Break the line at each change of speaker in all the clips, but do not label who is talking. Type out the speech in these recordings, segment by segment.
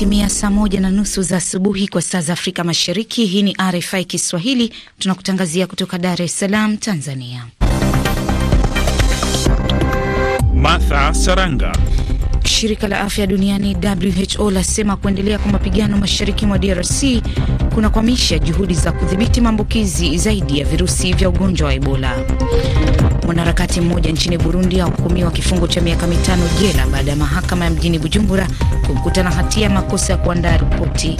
Imetimia saa moja na nusu za asubuhi kwa saa za Afrika Mashariki. Hii ni RFI Kiswahili, tunakutangazia kutoka Dar es Salaam, Tanzania.
Martha Saranga.
Shirika la afya duniani WHO lasema kuendelea kwa mapigano mashariki mwa DRC kunakwamisha juhudi za kudhibiti maambukizi zaidi ya virusi vya ugonjwa wa Ebola. Mwanaharakati mmoja nchini Burundi ahukumiwa kifungo cha miaka mitano jela baada ya mahakama ya mjini Bujumbura kumkutana hatia ya makosa ya kuandaa ripoti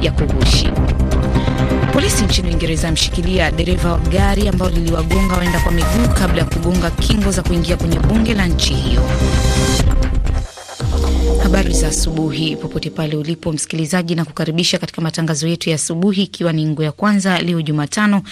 ya kughushi. Polisi nchini Uingereza amshikilia dereva wa gari ambao liliwagonga waenda kwa miguu kabla ya kugonga kingo za kuingia kwenye bunge la nchi hiyo. Habari za asubuhi popote pale ulipo msikilizaji, na kukaribisha katika matangazo yetu ya asubuhi, ikiwa ni ngo ya kwanza leo Jumatano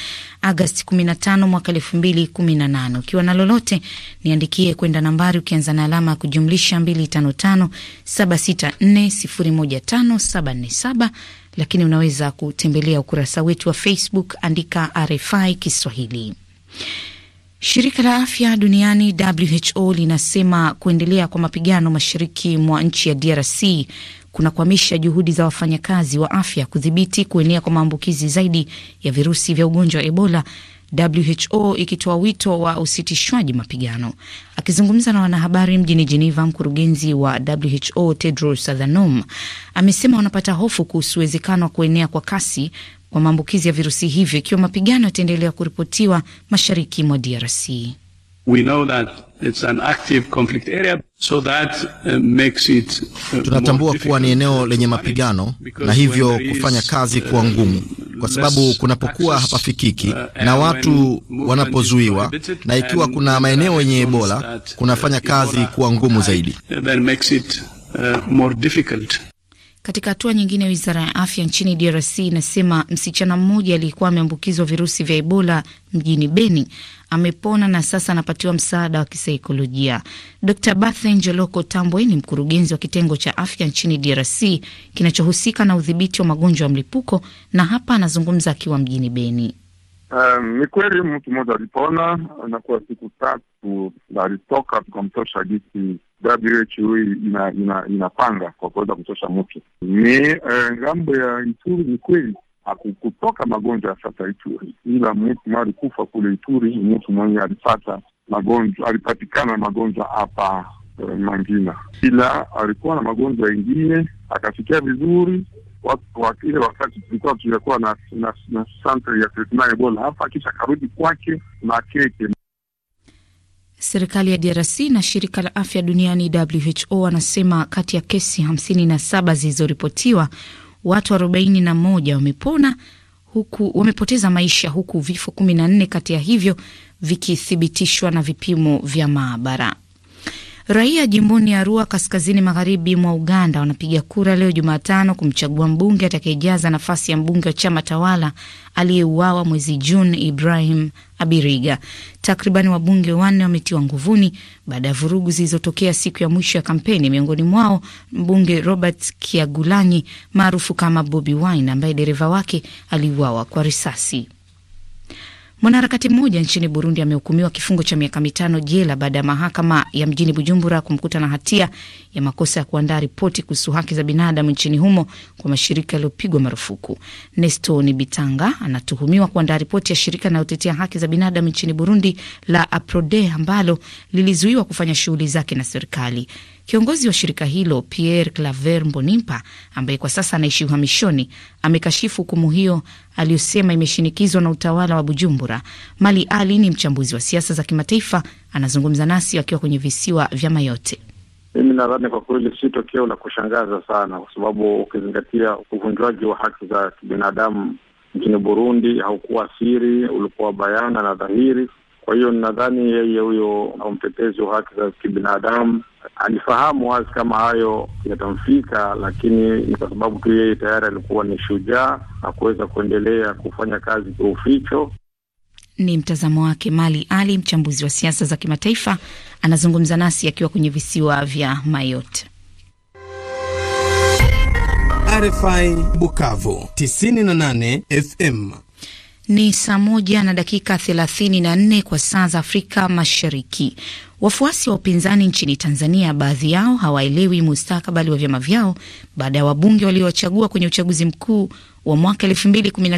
Agasti 15 mwaka 2018. Ukiwa na lolote niandikie kwenda nambari ukianza na alama ya kujumlisha 255764015747, lakini unaweza kutembelea ukurasa wetu wa Facebook, andika RFI Kiswahili. Shirika la afya duniani WHO linasema kuendelea kwa mapigano mashariki mwa nchi ya DRC kunakwamisha juhudi za wafanyakazi wa afya kudhibiti kuenea kwa maambukizi zaidi ya virusi vya ugonjwa wa Ebola, WHO ikitoa wito wa usitishwaji mapigano. Akizungumza na wanahabari mjini Geneva, mkurugenzi wa WHO Tedros Adhanom amesema wanapata hofu kuhusu uwezekano wa kuenea kwa kasi wa maambukizi ya virusi hivyo ikiwa mapigano yataendelea kuripotiwa mashariki mwa DRC.
Uh, uh,
tunatambua kuwa ni eneo lenye mapigano
na
hivyo kufanya
kazi uh, kuwa ngumu, kwa sababu kunapokuwa hapafikiki na watu
wanapozuiwa, na ikiwa kuna maeneo yenye Ebola kunafanya kazi kuwa ngumu
zaidi.
Katika hatua nyingine, wizara ya afya nchini DRC inasema msichana mmoja aliyekuwa ameambukizwa virusi vya Ebola mjini Beni amepona na sasa anapatiwa msaada wa kisaikolojia. Dr Bathen Joloko Tambwe ni mkurugenzi wa kitengo cha afya nchini DRC kinachohusika na udhibiti wa magonjwa ya mlipuko, na hapa anazungumza akiwa mjini Beni.
Um, ni kweli mtu mmoja alipona, anakuwa siku tatu alitoka tukamtosha gisi WHO ina, ina, inapanga kwa kuweza kutosha moto ni uh, ngambo ya Ituri. Ni kweli hakukutoka magonjwa ya sasa Ituri, ila mtu mwa alikufa kule Ituri, mtu mwenye alipata magonjwa, alipatikana magonjwa hapa uh, Mangina, ila alikuwa na magonjwa yengine akasikia vizuri ile wakati tulikuwa tunakuwa na na, na ya Ebola hapa, kisha akarudi kwake na keke
Serikali ya DRC na shirika la afya duniani WHO wanasema kati ya kesi 57 zilizoripotiwa watu 41 wamepona huku wamepoteza maisha, huku vifo 14 kati ya hivyo vikithibitishwa na vipimo vya maabara. Raia jimboni Arua kaskazini magharibi mwa Uganda wanapiga kura leo Jumatano kumchagua mbunge atakayejaza nafasi ya mbunge wa chama tawala aliyeuawa mwezi Juni, Ibrahim Abiriga. Takriban wabunge wanne wametiwa nguvuni baada ya vurugu zilizotokea siku ya mwisho ya kampeni, miongoni mwao mbunge Robert Kiagulanyi maarufu kama Bobi Wine ambaye dereva wake aliuawa kwa risasi. Mwanaharakati mmoja nchini Burundi amehukumiwa kifungo cha miaka mitano jela baada ya mahakama ya mjini Bujumbura kumkuta na hatia ya makosa ya kuandaa ripoti kuhusu haki za binadamu nchini humo kwa mashirika yaliyopigwa marufuku. nesto ni Bitanga anatuhumiwa kuandaa ripoti ya shirika linalotetea haki za binadamu nchini Burundi la APRODE ambalo lilizuiwa kufanya shughuli zake na serikali. Kiongozi wa shirika hilo Pierre Claver Mbonimpa, ambaye kwa sasa anaishi uhamishoni, amekashifu hukumu hiyo aliyosema imeshinikizwa na utawala wa Bujumbura. Mali Ali ni mchambuzi wa siasa za kimataifa, anazungumza nasi akiwa kwenye visiwa vya Mayotte.
Mimi nadhani kwa kweli si tokeo la kushangaza sana, kwa sababu ukizingatia uvunjwaji wa haki za kibinadamu nchini Burundi haukuwa siri, ulikuwa bayana na dhahiri kwa hiyo ninadhani yeye huyo au mtetezi wa haki za kibinadamu alifahamu wazi kama hayo yatamfika, lakini ni kwa sababu tu yeye tayari alikuwa ni shujaa na kuweza kuendelea kufanya kazi kwa uficho.
Ni mtazamo wake Mali Ali, mchambuzi wa siasa za kimataifa, anazungumza nasi akiwa kwenye visiwa vya Mayotte.
RFI Bukavu 98 FM.
Ni saa moja na dakika 34 kwa saa za Afrika Mashariki. Wafuasi wa upinzani nchini Tanzania, baadhi yao hawaelewi mustakabali wa vyama vyao baada ya wabunge waliowachagua kwenye uchaguzi mkuu wa mwaka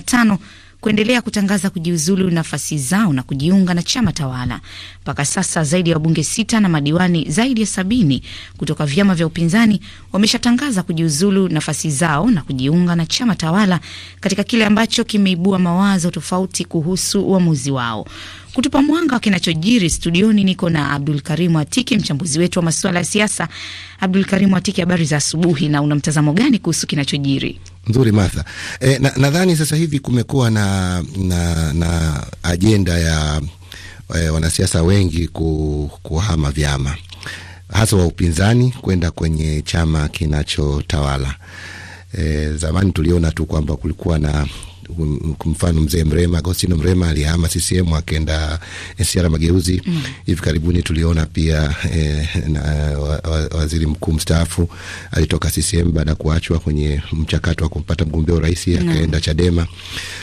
tano kuendelea kutangaza kujiuzulu nafasi zao na kujiunga na chama tawala. Mpaka sasa zaidi ya wabunge sita na madiwani zaidi ya sabini kutoka vyama vya upinzani wameshatangaza kujiuzulu nafasi zao na kujiunga na chama tawala katika kile ambacho kimeibua mawazo tofauti kuhusu uamuzi wa wao. Kutupa mwanga wa kinachojiri studioni, niko na Abdul Karimu Atiki, mchambuzi wetu wa masuala ya siasa. Abdul Karimu Atiki, habari za asubuhi, na una mtazamo gani kuhusu kinachojiri?
Nzuri Martha. E, nadhani na sasa hivi kumekuwa na, na, na ajenda ya e, wanasiasa wengi kuhama vyama hasa wa upinzani kwenda kwenye chama kinachotawala. E, zamani tuliona tu kwamba kulikuwa na kwa mfano mzee Mrema, Agostino Mrema alihama CCM akaenda NCCR Mageuzi. Mm. Hivi mm. karibuni tuliona pia eh, na, wa, wa, waziri mkuu mstaafu alitoka CCM baada ya kuachwa kwenye mchakato wa kumpata mgombea urais akaenda Chadema,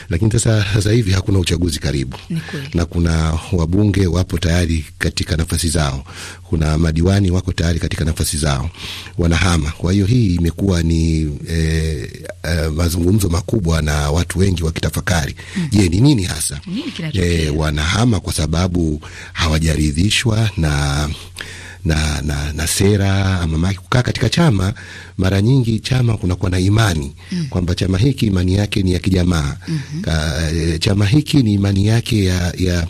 lakini sasa sasa hivi hakuna uchaguzi karibu Nikuli. na kuna wabunge wapo tayari katika nafasi zao, kuna madiwani wako tayari katika nafasi zao, wanahama. Kwa hiyo hii imekuwa ni eh, eh, mazungumzo makubwa na watu wengi wengi wakitafakari, je, ni nini hasa e, wanahama kwa sababu hawajaridhishwa na na, na, na sera ama maki. Kukaa katika chama mara nyingi chama kunakuwa na imani mm. kwamba chama hiki imani yake ni ya kijamaa mm -hmm. Ka, eh, chama hiki ni imani yake ya, ya,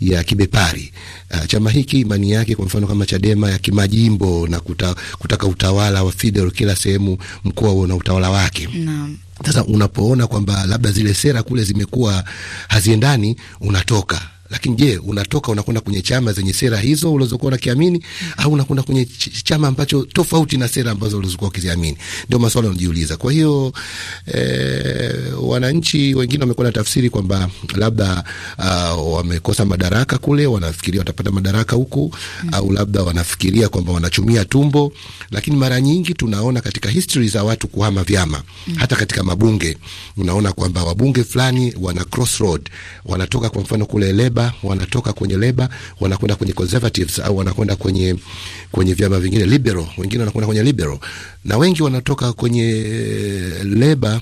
ya kibepari uh, chama hiki imani yake kwa mfano kama Chadema ya kimajimbo na kuta, kutaka utawala wa Fidel kila sehemu mkoa na utawala wake no. Sasa unapoona kwamba labda zile sera kule zimekuwa haziendani, unatoka lakini je, unatoka unakwenda kwenye chama zenye sera hizo ulizokuwa unakiamini mm. au unakwenda kwenye chama ambacho tofauti na sera ambazo ulizokuwa ukiziamini? Ndio maswala unajiuliza. Kwa hiyo e, wananchi wengine wamekuwa na tafsiri kwamba labda uh, wamekosa madaraka kule, wanafikiria watapata madaraka huku mm, au labda wanafikiria kwamba wanachumia tumbo, lakini mara nyingi tunaona katika history za watu kuhama vyama mm, hata katika mabunge unaona kwamba wabunge fulani wana crossroad, wanatoka kwa mfano kule Leba leba, wanatoka kwenye leba wanakwenda kwenye conservatives au wanakwenda kwenye kwenye vyama vingine liberal, wengine wanakwenda kwenye liberal na wengi wanatoka kwenye eh, leba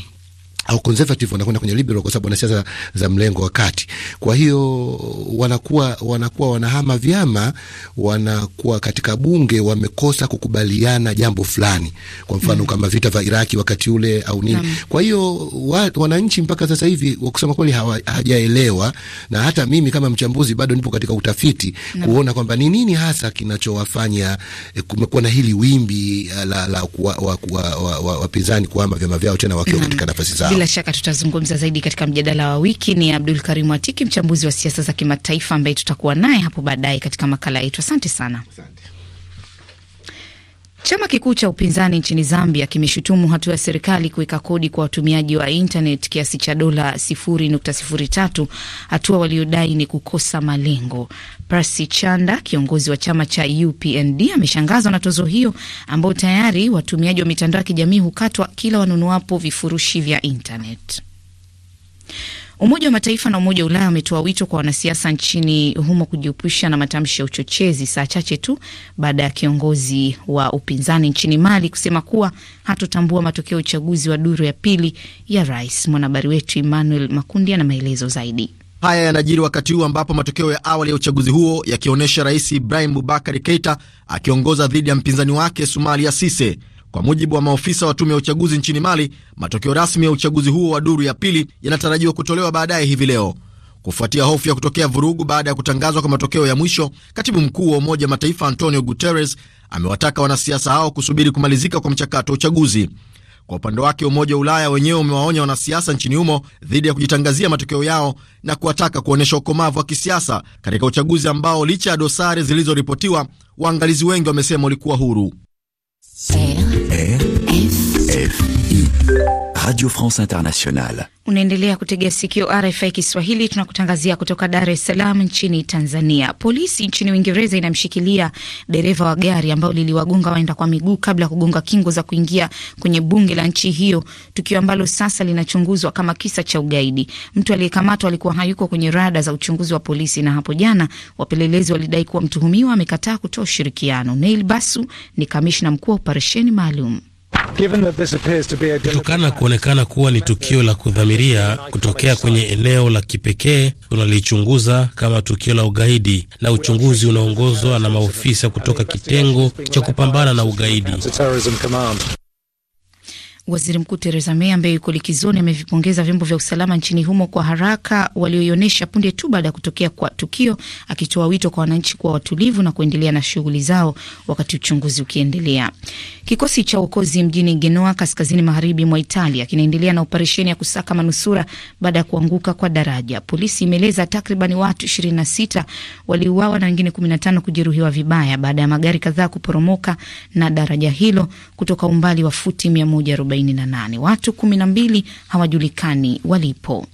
au conservative wanakwenda kwenye liberal, kwa sababu wana siasa za mlengo wa kati. Kwa hiyo wanakuwa wanakuwa wanahama vyama, wanakuwa katika bunge wamekosa kukubaliana jambo fulani, kwa mfano mm. kama vita vya Iraki wakati ule au nini mm. kwa hiyo wa, wananchi mpaka sasa hivi kusema kweli hawajaelewa, na hata mimi kama mchambuzi bado nipo katika utafiti mm. kuona kwamba ni nini hasa kinachowafanya eh, kumekuwa na hili wimbi eh, la, la, la wapinzani kuhama vyama vyao tena wakiwa katika nafasi zao bila
shaka tutazungumza zaidi katika mjadala wa wiki. Ni Abdul Karimu Atiki, mchambuzi wa siasa za kimataifa, ambaye tutakuwa naye hapo baadaye katika makala yetu. Asante sana, asante. Chama kikuu cha upinzani nchini Zambia kimeshutumu hatua ya serikali kuweka kodi kwa watumiaji wa intanet kiasi cha dola 0.03, hatua waliodai ni kukosa malengo. prasi Chanda, kiongozi wa chama cha UPND, ameshangazwa na tozo hiyo ambayo tayari watumiaji wa mitandao ya kijamii hukatwa kila wanunuapo vifurushi vya intanet. Umoja wa Mataifa na Umoja wa Ulaya wametoa wito kwa wanasiasa nchini humo kujiepusha na matamshi ya uchochezi, saa chache tu baada ya kiongozi wa upinzani nchini Mali kusema kuwa hatotambua matokeo ya uchaguzi wa duru ya pili ya rais. Mwanahabari wetu Emmanuel Makundi ana maelezo zaidi.
Haya yanajiri wakati huu ambapo matokeo ya awali ya uchaguzi huo yakionyesha rais Ibrahim Bubakari Keita akiongoza dhidi ya mpinzani wake Sumalia Sise. Kwa mujibu wa maofisa wa tume ya uchaguzi nchini Mali, matokeo rasmi ya uchaguzi huo wa duru ya pili yanatarajiwa kutolewa baadaye hivi leo. Kufuatia hofu ya kutokea vurugu baada ya kutangazwa kwa matokeo ya mwisho, katibu mkuu wa Umoja Mataifa Antonio Guterres amewataka wanasiasa hao kusubiri kumalizika kwa mchakato wa uchaguzi. Kwa upande wake, Umoja wa Ulaya wenyewe umewaonya wanasiasa nchini humo dhidi ya kujitangazia matokeo yao na kuwataka kuonyesha ukomavu wa kisiasa katika uchaguzi ambao licha ya dosari zilizoripotiwa, waangalizi wengi wamesema ulikuwa huru.
Eh? RFI, Radio France
Internationale. Unaendelea kutegea sikio RFI Kiswahili, tunakutangazia kutoka Dar es Salaam nchini Tanzania. Polisi nchini Uingereza inamshikilia dereva wa gari ambao liliwagonga waenda kwa miguu kabla ya kugonga kingo za kuingia kwenye bunge la nchi hiyo, tukio ambalo sasa linachunguzwa kama kisa cha ugaidi. Mtu aliyekamatwa alikuwa hayuko kwenye rada za uchunguzi wa polisi, na hapo jana wapelelezi walidai kuwa mtuhumiwa amekataa kutoa ushirikiano. Neil Basu ni kamishna mkuu wa operesheni maalum.
Kutokana na kuonekana kuwa ni tukio la kudhamiria kutokea kwenye eneo la kipekee, tunalichunguza kama tukio la ugaidi, na uchunguzi unaongozwa na maofisa kutoka kitengo cha kupambana
na ugaidi.
Waziri Mkuu Theresa May ambaye yuko likizoni amevipongeza vyombo vya usalama nchini humo kwa haraka walioionyesha punde tu baada ya kutokea kwa tukio, akitoa wito kwa wananchi kuwa watulivu na kuendelea na shughuli zao wakati uchunguzi ukiendelea. Kikosi cha uokozi mjini Genoa, kaskazini magharibi mwa Italia, kinaendelea na operesheni ya kusaka manusura baada ya kuanguka kwa daraja. Polisi imeeleza takriban watu 26 waliuawa na wengine 15 kujeruhiwa vibaya baada ya magari kadhaa kuporomoka na daraja hilo kutoka umbali wa futi 140. 48. Watu 12 hawajulikani walipo.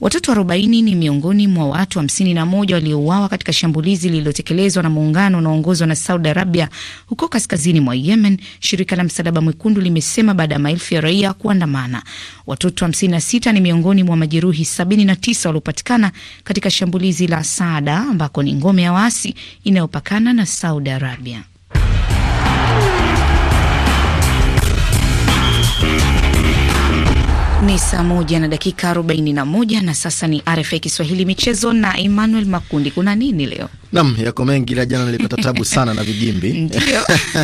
Watoto 40 ni miongoni mwa watu 51 waliouawa katika shambulizi lililotekelezwa na muungano unaoongozwa na Saudi Arabia huko kaskazini mwa Yemen, shirika la Msalaba Mwekundu limesema baada ya maelfu ya raia kuandamana. Watoto 56 ni miongoni mwa majeruhi 79 waliopatikana katika shambulizi la Saada ambako ni ngome ya waasi inayopakana na Saudi Arabia. Saa moja na dakika 41 na sasa ni RFI Kiswahili michezo na Emmanuel Makundi. Kuna nini leo?
Nam yako mengi, ila jana nilipata tabu sana na vijimbi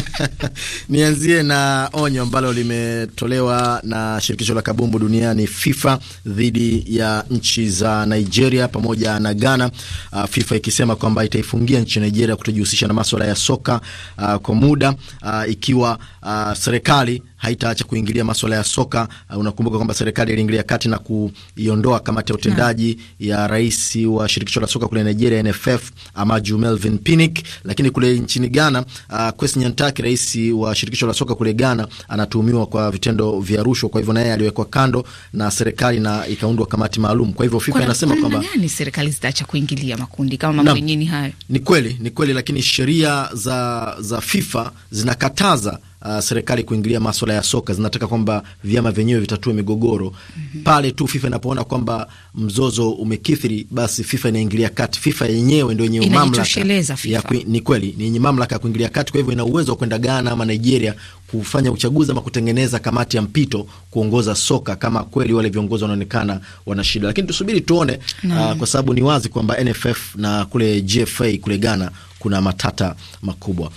Nianzie na onyo ambalo limetolewa na shirikisho la kabumbu duniani FIFA dhidi ya nchi za Nigeria pamoja na Ghana, uh, FIFA ikisema kwamba itaifungia nchi Nigeria kutojihusisha na maswala ya soka uh, kwa muda uh, ikiwa uh, serikali haitaacha kuingilia maswala ya soka. Uh, unakumbuka kwamba serikali iliingilia kati na kuiondoa kamati ya utendaji ya rais wa shirikisho la soka kule Nigeria NFF ama kama Melvin Pinnick. Lakini kule nchini Ghana, uh, Kwesi Nyantaki, rais wa shirikisho la soka kule Ghana, anatuhumiwa kwa vitendo vya rushwa, kwa hivyo naye aliwekwa kando na serikali na ikaundwa kamati maalum. Kwa hivyo FIFA inasema kwamba
serikali zitaacha kuingilia makundi kama mambo yenyewe hayo.
Ni kweli, ni kweli, lakini sheria za, za FIFA zinakataza uh, serikali kuingilia maswala ya soka, zinataka kwamba vyama vyenyewe vitatue migogoro mm -hmm. Pale tu FIFA inapoona kwamba mzozo umekithiri, basi FIFA inaingilia kati. FIFA yenyewe ndio yenye mamlaka ya kui, ni kweli ni yenye mamlaka ya kuingilia kati, kwa hivyo ina uwezo wa kwenda Ghana ama Nigeria kufanya uchaguzi ama kutengeneza kamati ya mpito kuongoza soka kama kweli wale viongozi wanaonekana wana shida, lakini tusubiri tuone no. Uh, kwa sababu ni wazi kwamba NFF na kule GFA kule Ghana kuna matata makubwa.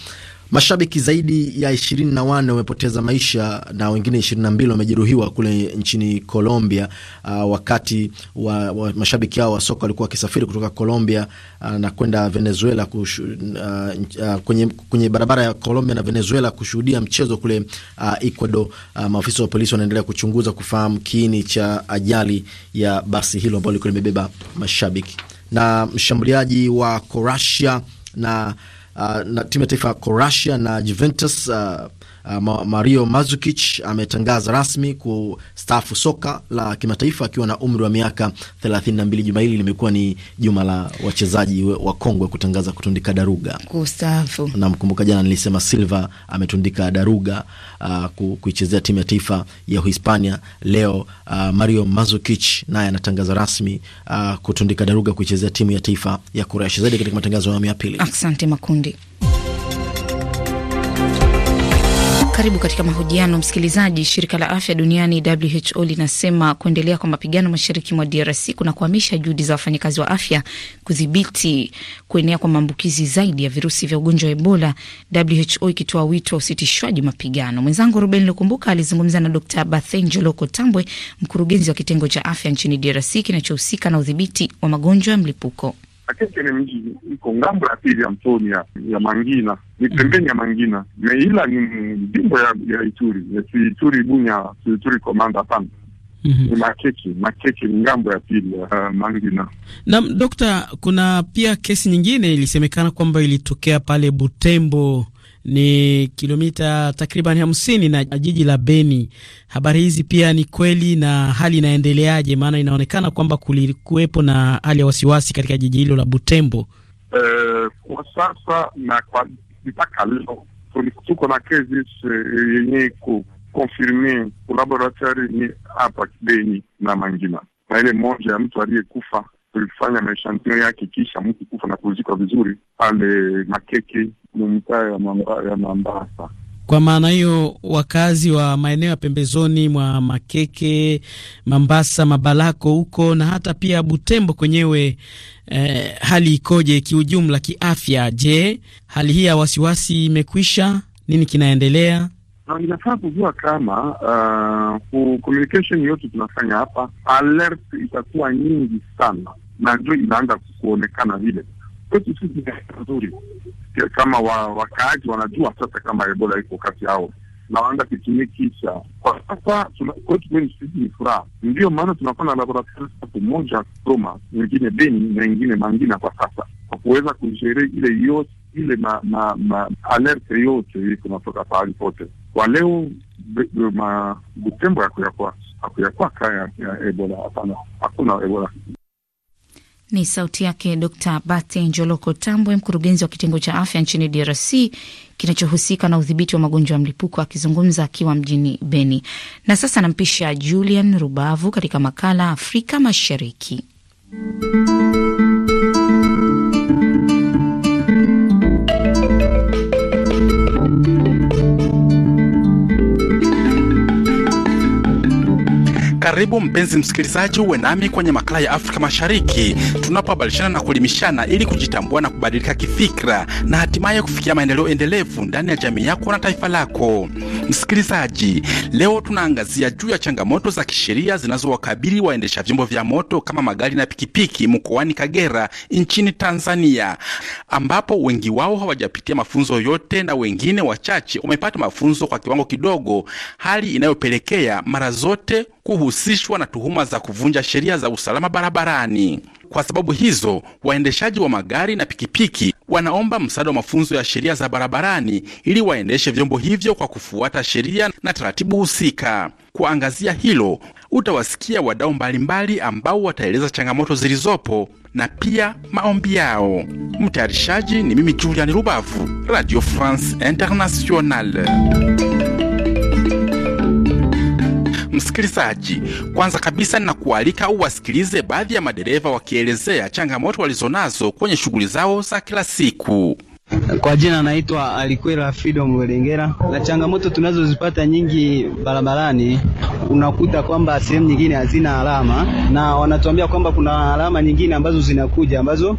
Mashabiki zaidi ya ishirini na wanne wamepoteza maisha na wengine ishirini na mbili wamejeruhiwa kule nchini Colombia. Uh, wakati wa, wa mashabiki hao wa soka walikuwa wakisafiri kutoka Colombia uh, na kwenda Venezuela uh, uh, kwenye, kwenye barabara ya Colombia na Venezuela kushuhudia mchezo kule uh, Ecuador. Uh, maafisa wa polisi wanaendelea kuchunguza kufahamu kiini cha ajali ya basi hilo ambalo lilikuwa limebeba mashabiki na mshambuliaji wa Croatia na uh, na timu ya taifa ya Croatia na Juventus uh, uh, Mario Mazukich ametangaza rasmi kustaafu soka la kimataifa akiwa na umri wa miaka 32. Juma hili limekuwa ni juma la wachezaji wa kongwe kutangaza kutundika daruga kustaafu. Namkumbuka jana nilisema Silva ametundika daruga uh, kuichezea timu ya taifa ya Uhispania. Leo uh, Mario Mazukich naye anatangaza rasmi uh, kutundika daruga kuichezea timu ya taifa ya Kroatia. Zaidi katika matangazo ya awamu ya pili.
Asante Makundi. Karibu katika mahojiano msikilizaji. Shirika la afya duniani WHO linasema kuendelea kwa mapigano mashariki mwa DRC kunakwamisha juhudi za wafanyakazi wa afya kudhibiti kuenea kwa maambukizi zaidi ya virusi vya ugonjwa wa Ebola, WHO ikitoa wito wa usitishwaji mapigano. Mwenzangu Ruben Lukumbuka alizungumza na Dr bathen joloko Tambwe, mkurugenzi wa kitengo cha afya nchini DRC kinachohusika na udhibiti wa magonjwa ya mlipuko
ni mji iko ngambo ya pili ya mtoni ya, ya Mangina, ni pembeni ya Mangina ila ni jimbo ya, ya Ituri, si Ituri Bunya, si Ituri Komanda, hapana. Mm -hmm. Ni Makeke, Makeke ni ngambo ya pili uh, Mangina.
Naam, Dokta, kuna pia kesi nyingine ilisemekana kwamba ilitokea pale Butembo ni kilomita takriban hamsini na jiji la Beni. Habari hizi pia ni kweli na hali inaendeleaje? Maana inaonekana kwamba kulikuwepo na hali ya wasiwasi katika jiji hilo la Butembo.
Eh, kwa sasa na kwa mpaka leo tuko na kesi eh, yenye iko konfirme ni hapa Beni na Mangina, na ile moja ya mtu aliyekufa tulifanya maeshantio yake, kisha mtu kufa na kuzikwa vizuri pale Makeke ni mitaa ya Mambasa.
Kwa maana hiyo, wakazi wa maeneo ya pembezoni mwa Makeke, Mambasa, Mabalako huko na hata pia Butembo kwenyewe eh, hali ikoje kiujumla kiafya? Je, hali hii ya wasiwasi imekwisha? Nini kinaendelea?
Inafaa kujua kama uh, communication yote tunafanya hapa, alert itakuwa nyingi sana na ndio inaanza kuonekana vile kwetu sisi ni nzuri kama wa, wakaaji wanajua sasa kama Ebola iko kati yao na waanza kitumikisha kisha. Kwa sasa kwetu kweli sisi ni furaha, ndiyo maana tunakuwa na laboratori sapu moja Goma, nyingine Beni na ingine Mangina kwa sasa, kwa kuweza kuisherei ile yote ile ma, ma, ma alerte yote ili kunatoka pahali pote. Kwa leo Butembo yakuyakuwa akuyakwa kaya ya Ebola, hapana, hakuna Ebola.
Ni sauti yake Dr Bate Njoloko Tambwe, mkurugenzi wa kitengo cha afya nchini DRC kinachohusika na udhibiti wa magonjwa ya mlipuko akizungumza akiwa mjini Beni. Na sasa nampisha Julian Rubavu katika makala Afrika Mashariki.
Karibu mpenzi msikilizaji, uwe nami kwenye makala ya Afrika Mashariki tunapobadilishana na kuelimishana ili kujitambua na kubadilika kifikra na hatimaye kufikia maendeleo endelevu ndani ya jamii yako na taifa lako. Msikilizaji, leo tunaangazia juu ya changamoto za kisheria zinazowakabili waendesha vyombo vya moto kama magari na pikipiki mkoani Kagera nchini Tanzania, ambapo wengi wao hawajapitia mafunzo yote na wengine wachache wamepata mafunzo kwa kiwango kidogo, hali inayopelekea mara zote kuhusishwa na tuhuma za kuvunja sheria za usalama barabarani. Kwa sababu hizo, waendeshaji wa magari na pikipiki wanaomba msaada wa mafunzo ya sheria za barabarani ili waendeshe vyombo hivyo kwa kufuata sheria na taratibu husika. Kuangazia hilo, utawasikia wadau mbalimbali ambao wataeleza changamoto zilizopo na pia maombi yao. Mtayarishaji ni mimi Julian Rubavu, Radio France Internationale. Msikilizaji, kwanza kabisa ninakualika uwasikilize baadhi ya madereva wakielezea changamoto walizonazo kwenye shughuli zao za kila siku.
Kwa jina naitwa Alikwela Freedom Welengera, na changamoto tunazozipata nyingi barabarani, unakuta kwamba sehemu nyingine hazina alama na wanatuambia kwamba kuna alama nyingine ambazo zinakuja ambazo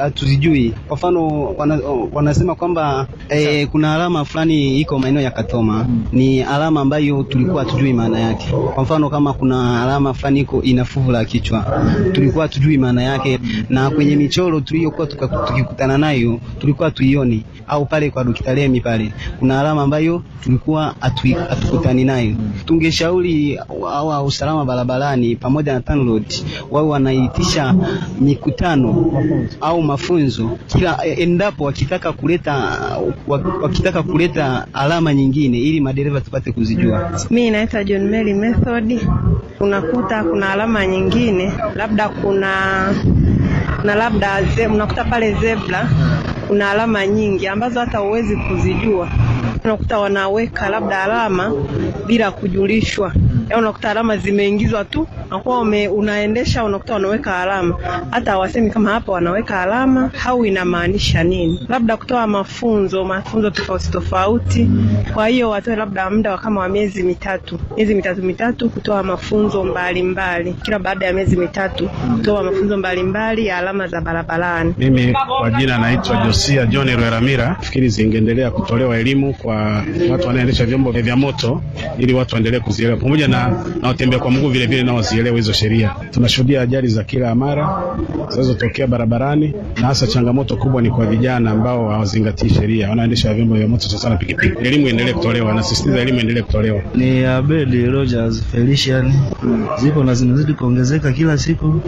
hatuzijui. Kwa mfano wana, wanasema kwamba eh, kuna alama fulani iko maeneo ya Katoma, ni alama ambayo tulikuwa hatujui maana yake. Kwa mfano kama kuna alama fulani iko ina fuvu la kichwa, tulikuwa hatujui maana yake, na kwenye michoro tuliyokuwa tukikutana nayo tulikuwa tuioni, au pale kwa Dukitalemi pale kuna alama ambayo tulikuwa hatukutani nayo. Tungeshauri hawa usalama barabarani pamoja na TANROADS wao wanaitisha mikutano au mafunzo kila e, endapo wakitaka kuleta wakitaka kuleta alama nyingine, ili madereva tupate kuzijua. Mimi naitwa John Mary Method. Unakuta kuna alama nyingine labda kuna na labda ze, unakuta pale zebra kuna alama nyingi ambazo hata huwezi kuzijua. Unakuta wanaweka labda alama bila kujulishwa unakuta alama zimeingizwa tu, nakuwa unaendesha, unakuta wanaweka alama, hata hawasemi kama hapa wanaweka alama au inamaanisha nini, labda kutoa mafunzo, mafunzo tofauti tofauti. Kwa hiyo watoe labda muda kama wa miezi mitatu, miezi mitatu mitatu, kutoa mafunzo mbalimbali, mbali. kila baada ya miezi mitatu kutoa mafunzo mbalimbali ya alama za barabarani. Mimi kwa jina naitwa Josia John Rweramira. Fikiri zingeendelea kutolewa elimu kwa watu wanaendesha vyombo vya moto ili watu waendelee kuzielewa pamoja na na watembea kwa mguu vile vile nawazielewa hizo sheria.
Tunashuhudia ajali za kila
mara zinazotokea barabarani, na hasa changamoto kubwa ni kwa vijana ambao hawazingatii sheria, wanaendesha vyombo vya moto sana, pikipiki. Elimu iendelee kutolewa, nasisitiza elimu iendelee kutolewa. Ni Abedi Rogers Felician. Zipo na zinazidi kuongezeka kila siku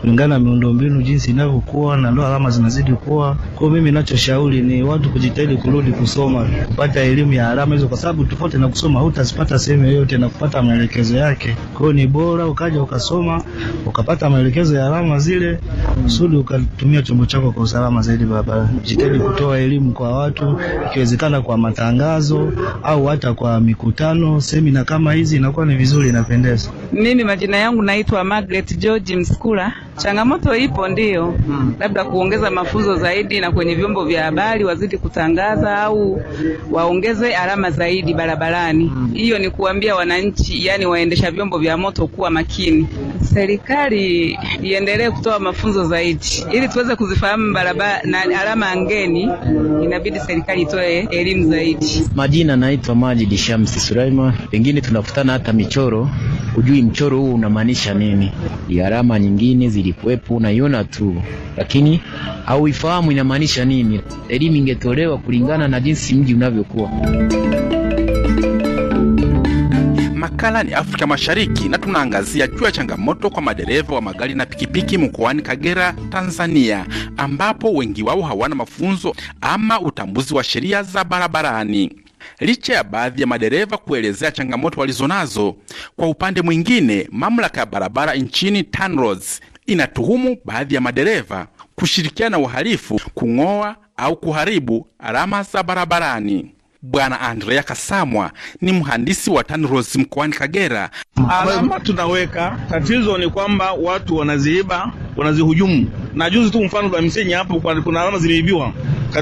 kulingana na miundombinu jinsi inavyokuwa, na ndo alama zinazidi kuwa. Kwa mimi ninachoshauri ni watu kujitahidi kurudi kusoma, kupata elimu ya alama hizo, kwa sababu tofauti na kusoma hutazipata sehemu yoyote na kupata maelekezo maelekezo yake. Kwa hiyo ni bora ukaja ukasoma ukapata maelekezo ya alama zile kusudi ukatumia chombo chako kwa usalama zaidi barabarani. Jitahidi kutoa elimu kwa watu, ikiwezekana kwa matangazo au hata kwa mikutano, semina kama hizi, inakuwa ni vizuri, inapendeza. Mimi majina yangu naitwa Margaret George Mskula. Changamoto ipo ndio, hmm. Labda kuongeza mafunzo zaidi na kwenye vyombo vya habari wazidi kutangaza au waongeze alama zaidi barabarani. Hmm. Hiyo hmm. ni kuambia wananchi, yani waendesha vyombo vya moto kuwa makini. Serikali iendelee kutoa mafunzo zaidi ili tuweze kuzifahamu barabara na alama angeni, inabidi serikali itoe elimu zaidi.
Majina
naitwa Majid Shamsi Sulaiman. Pengine tunakutana hata michoro hujui mchoro huu unamaanisha nini. Gharama nyingine zilikuwepo, unaiona tu, lakini hauifahamu inamaanisha nini. Elimu ingetolewa kulingana na jinsi mji unavyokuwa. Makala ni Afrika Mashariki na tunaangazia juu ya changamoto kwa madereva wa magari na pikipiki mkoani Kagera, Tanzania, ambapo wengi wao hawana mafunzo ama utambuzi wa sheria za barabarani licha ya baadhi ya madereva kuelezea changamoto walizonazo. Kwa upande mwingine, mamlaka ya barabara nchini TANROADS inatuhumu baadhi ya madereva kushirikiana na uhalifu kung'oa au kuharibu alama za barabarani. Bwana Andrea Kasamwa ni mhandisi wa TANROADS mkoani Kagera. Alama tunaweka,
tatizo ni kwamba watu wanaziiba, wanazihujumu. Na juzi tu mfano wa Msenyi hapo, kuna alama zimeibiwa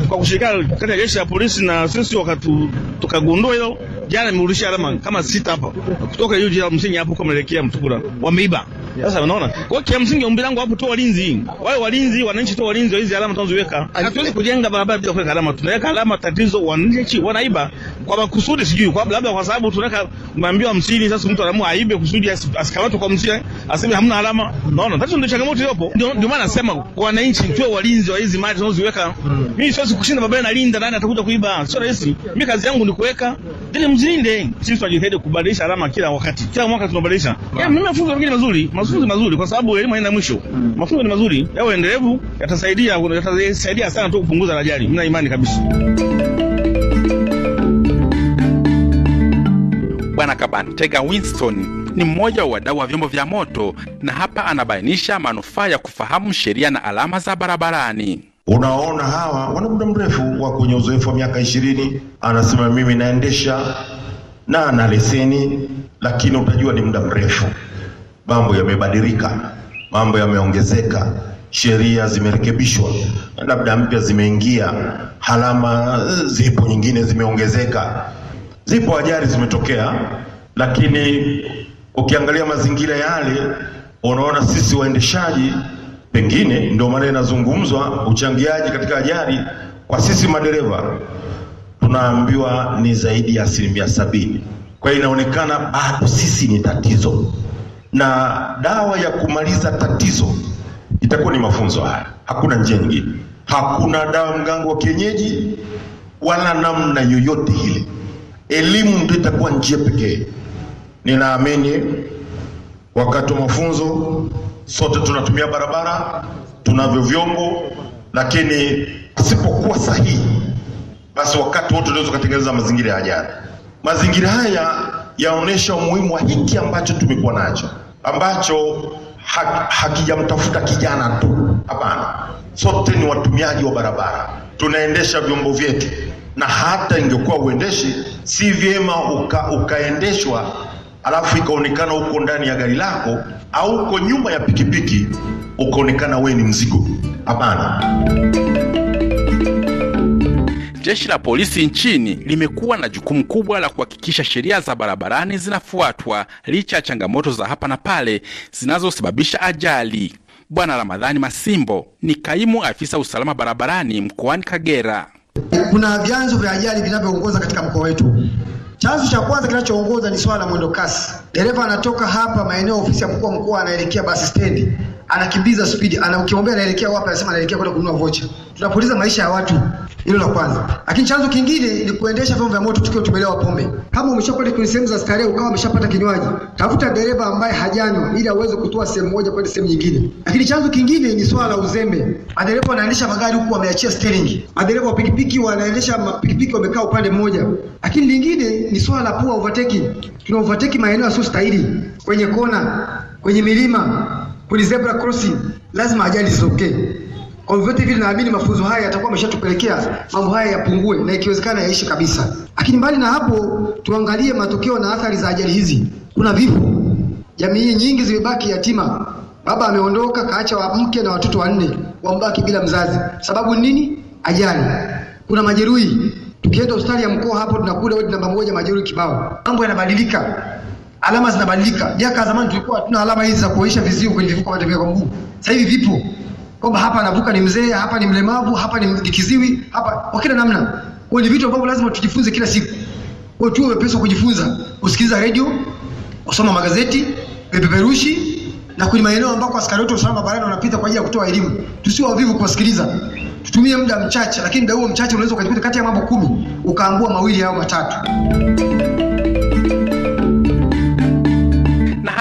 kwa kushirikiana kati ya jeshi la polisi na sisi, wakati tukagundua hilo Jana nimerudisha alama kama sita hapa kutoka yuji ya msingi hapo kwa melekea mtukura wameiba. Sasa unaona, kwa kia msingi ombi langu hapo, toa walinzi wale walinzi, wananchi toa walinzi wa hizi alama tunaziweka. Hatuwezi kujenga barabara bila kuweka alama, tunaweka alama. Tatizo wananchi wanaiba kwa makusudi, sijui kwa labda kwa sababu tunaweka maambio hamsini. Sasa mtu anaamua aibe kusudi asikamatwe kwa msingi, aseme hamna alama. Unaona, tatizo ndio changamoto iliyopo. Ndio maana nasema kwa wananchi, tuwe walinzi wa hizi mali tunaziweka. Mimi siwezi kushinda barabara nalinda, nani atakuja kuiba? Sio rahisi. Mimi kazi yangu ni kuweka ili mzinde, sisi tunajitahidi kubadilisha alama kila wakati, kila mwaka tunabadilisha. Yaani mimi mafunzo mengine mazuri, mafunzo mazuri, kwa sababu elimu haina mwisho. Mm. Mafunzo ni mazuri, yawe endelevu, yatasaidia yatasaidia sana tu kupunguza ajali. Mimi na imani kabisa.
Bwana Kabantega Winston ni mmoja wa wadau wa vyombo vya moto na hapa anabainisha manufaa ya kufahamu sheria na alama za barabarani.
Unaona, hawa wana muda mrefu wa kwenye uzoefu wa miaka ishirini. Anasema mimi naendesha na ana leseni, lakini utajua ni muda mrefu. Mambo yamebadilika, mambo yameongezeka, sheria zimerekebishwa, labda mpya zimeingia, halama eh, zipo, nyingine zimeongezeka, zipo ajali zimetokea, lakini ukiangalia mazingira yale, unaona sisi waendeshaji Pengine ndio maana inazungumzwa uchangiaji katika ajali kwa sisi madereva tunaambiwa ni zaidi ya asilimia sabini. Kwa hiyo inaonekana bado sisi ni tatizo, na dawa ya kumaliza tatizo itakuwa ni mafunzo haya. Hakuna njia nyingine, hakuna dawa mgango wa kienyeji wala namna yoyote ile. Elimu ndio itakuwa njia pekee. Ninaamini wakati wa mafunzo sote tunatumia barabara, tunavyo vyombo, lakini tusipokuwa sahihi, basi wakati wote tunaweza kutengeneza mazingira ya ajali. Mazingira haya yaonesha umuhimu wa hiki ambacho tumekuwa nacho ambacho hakijamtafuta kijana tu, hapana. Sote ni watumiaji wa barabara, tunaendesha vyombo vyetu, na hata ingekuwa uendeshi, si vyema uka, ukaendeshwa alafu ikaonekana uko ndani ya gari lako
au uko nyuma ya pikipiki ukaonekana wewe ni mzigo. Hapana. Jeshi la polisi nchini limekuwa na jukumu kubwa la kuhakikisha sheria za barabarani zinafuatwa licha ya changamoto za hapa na pale zinazosababisha ajali. Bwana Ramadhani Masimbo ni kaimu afisa usalama barabarani mkoani Kagera.
Kuna vyanzo vya ajali vinavyoongoza katika mkoa wetu Chanzo cha kwanza kinachoongoza ni swala la mwendo kasi. Dereva anatoka hapa maeneo ofisi ya mkuu wa mkoa anaelekea basi stendi anakimbiza spidi, ana ukimwambia anaelekea wapi, anasema anaelekea kwenda kununua vocha. Tunapoteza maisha ya watu, hilo la kwanza. Lakini chanzo kingine ni kuendesha vyombo vya moto tukiwa tumelewa pombe. Kama umeshakwenda kwenye sehemu za starehe ukawa umeshapata kinywaji, tafuta dereva ambaye hajanywa ili aweze kutoa sehemu moja kwenda sehemu nyingine. Lakini chanzo kingine ni swala la uzembe. Madereva wanaendesha magari huku wameachia steering, madereva wa pikipiki wanaendesha pikipiki wamekaa upande mmoja. Lakini lingine ni swala la poor overtaking, tuna overtake maeneo yasiyostahili, kwenye kona, kwenye milima kwenye zebra crossing lazima ajali zitokee. Kwa vyote vile, naamini mafunzo haya yatakuwa ameshatupelekea mambo haya yapungue na ikiwezekana yaishe kabisa. Lakini mbali na hapo, tuangalie matokeo na athari za ajali hizi. Kuna vifo, jamii nyingi zimebaki yatima, baba ameondoka kaacha wa mke na watoto wanne, wambaki bila mzazi. Sababu nini? Ajali. Kuna majeruhi, tukienda hospitali ya mkoa hapo tunakuta wodi namba moja majeruhi kibao. Mambo yanabadilika alama zinabadilika. Miaka zamani tulikuwa hatuna alama hizi za kuonyesha vizio kwenye vivuko vya watembea kwa mguu, sasa hivi vipo kwamba hapa anavuka ni mzee, hapa ni mlemavu, hapa ni kiziwi, hapa kwa kila namna. Kwa ni vitu ambavyo lazima tujifunze kila siku. Kwa tuwe wepesi kujifunza, kusikiliza redio, kusoma magazeti, vipeperushi na kwenye maeneo ambako askari wetu usalama barani wanapita kwa ajili ya kutoa elimu. Tusiwe wavivu kuwasikiliza. Tutumie muda mchache, lakini muda huo mchache unaweza ukajikuta kati ya mambo kumi ukaangua mawili au matatu.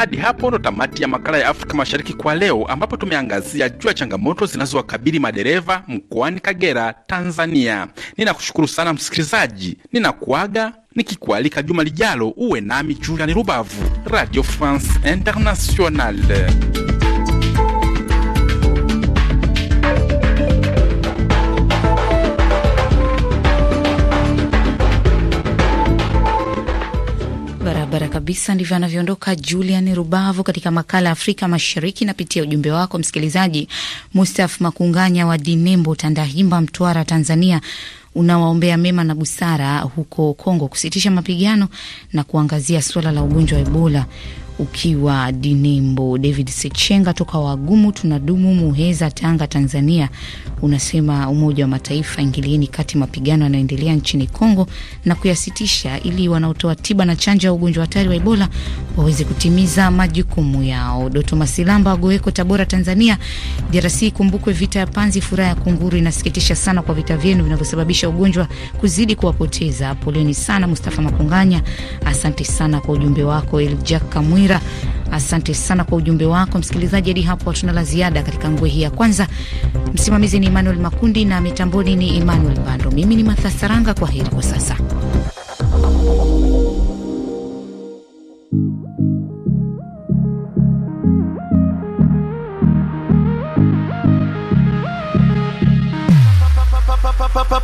hadi hapo ndo tamati ya makala ya Afrika Mashariki kwa leo, ambapo tumeangazia juu ya changamoto zinazowakabili madereva mkoani Kagera, Tanzania. Ninakushukuru sana msikilizaji, ninakuaga nikikualika juma lijalo uwe nami Juliani Rubavu, Radio France Internationale.
kabisa ndivyo anavyoondoka Julian Rubavu katika makala ya Afrika Mashariki. Napitia ujumbe wako msikilizaji Mustaf Makunganya wa Dinembo, Tandahimba, Mtwara, Tanzania. Unawaombea mema na busara huko Kongo, kusitisha mapigano na kuangazia suala la ugonjwa wa Ebola ukiwa Dinembo. David Sechenga toka Wagumu tunadumu Muheza, Tanga, Tanzania, unasema Umoja wa Mataifa ingilieni kati mapigano yanayoendelea nchini Kongo na kuyasitisha ili wanaotoa tiba na chanjo ya ugonjwa hatari wa Ebola waweze kutimiza majukumu yao. Doto Masilamba Goeko, Tabora, Tanzania, DRC, kumbukwe vita ya panzi, furaha ya kunguru. Inasikitisha sana kwa vita vyenu vinavyosababisha ugonjwa kuzidi kuwapoteza. Poleni sana Mustafa Makunganya, asante sana kwa ujumbe wako. Eljak Kamwira Magira. Asante sana kwa ujumbe wako msikilizaji. Hadi hapo hatuna la ziada katika ngwe hii ya kwanza. Msimamizi ni Emmanuel Makundi na mitamboni ni Emmanuel Bando. Mimi ni Mathasaranga, kwa heri kwa sasa.
Papa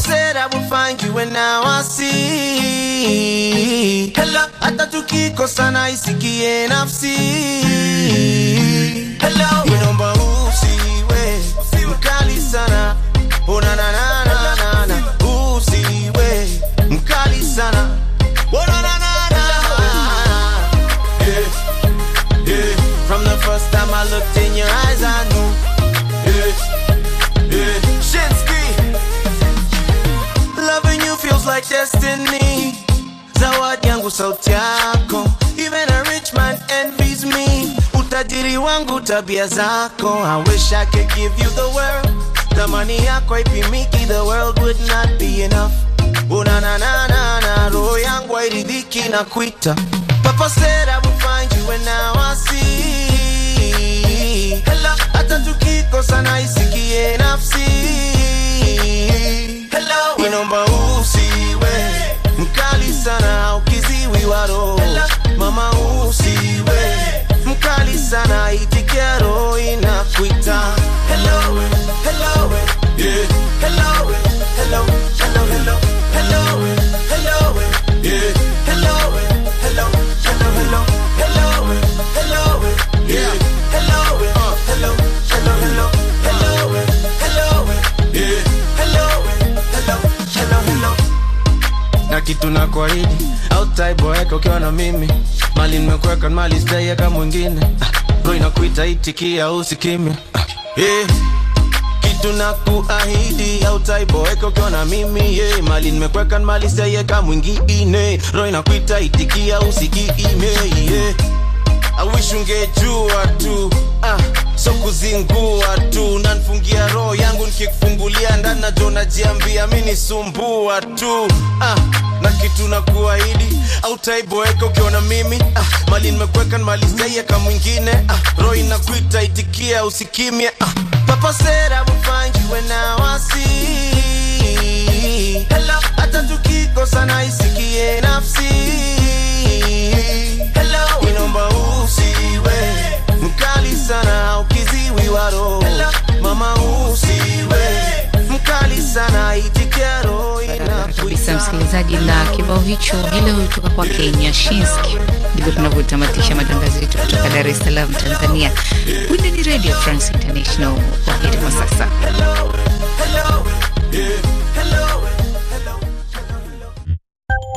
said I will find you and now I see Hello, atatuki sana isikie nafsi Hello, minomba we, mkali sana oh na na na na na we, mkali sana oh na na na na. yeah From the first time I looked in your eyes I knew destiny, zawadi yangu sauti yako. Even a rich man envies me, utajiri wangu tabia zako. I wish I could give you the world, thamani yako haipimiki, the world would not be enough. Unananana, oh, roho yangu hairidhiki na kuita. Papa said I would find you and now I see. Hello, I kitu na kuahidi au taiboeka ukiwa na mimi mali nimekuweka mali ah, sijaiweka ah, eh. eh. mwingine bro inakuita itikia usikimya yeah. kitu na kuahidi au taiboeka ukiwa na mimi yeah. mali nimekuweka mali sijaiweka mwingine bro inakuita itikia usikimi yeah. wish ungejua tu ah, so kuzingua tu nanfungia roho yangu nikikufa ukichungulia ndani nacho najiambia mi ni sumbua tu ah, na kitu na kuahidi au taiboeka ukiona mimi ah, mali nimekweka nmalizaiyaka mwingine ah, roho inakuita itikia usikimya ah, papa sera mfanjiwe na wasi Hello. hata tukikosana isikie nafsi Hello. inomba usiwe mkali sana ukiziwi waro mama usi
mkali sana kabisa msikilizaji, na kibao hicho hilo kutoka kwa Kenya Shinski. Ndivyo tunavyotamatisha matangazo yetu kutoka Dar es Salaam, Tanzania. Punde ni Radio France International. Kwa heri kwa sasa.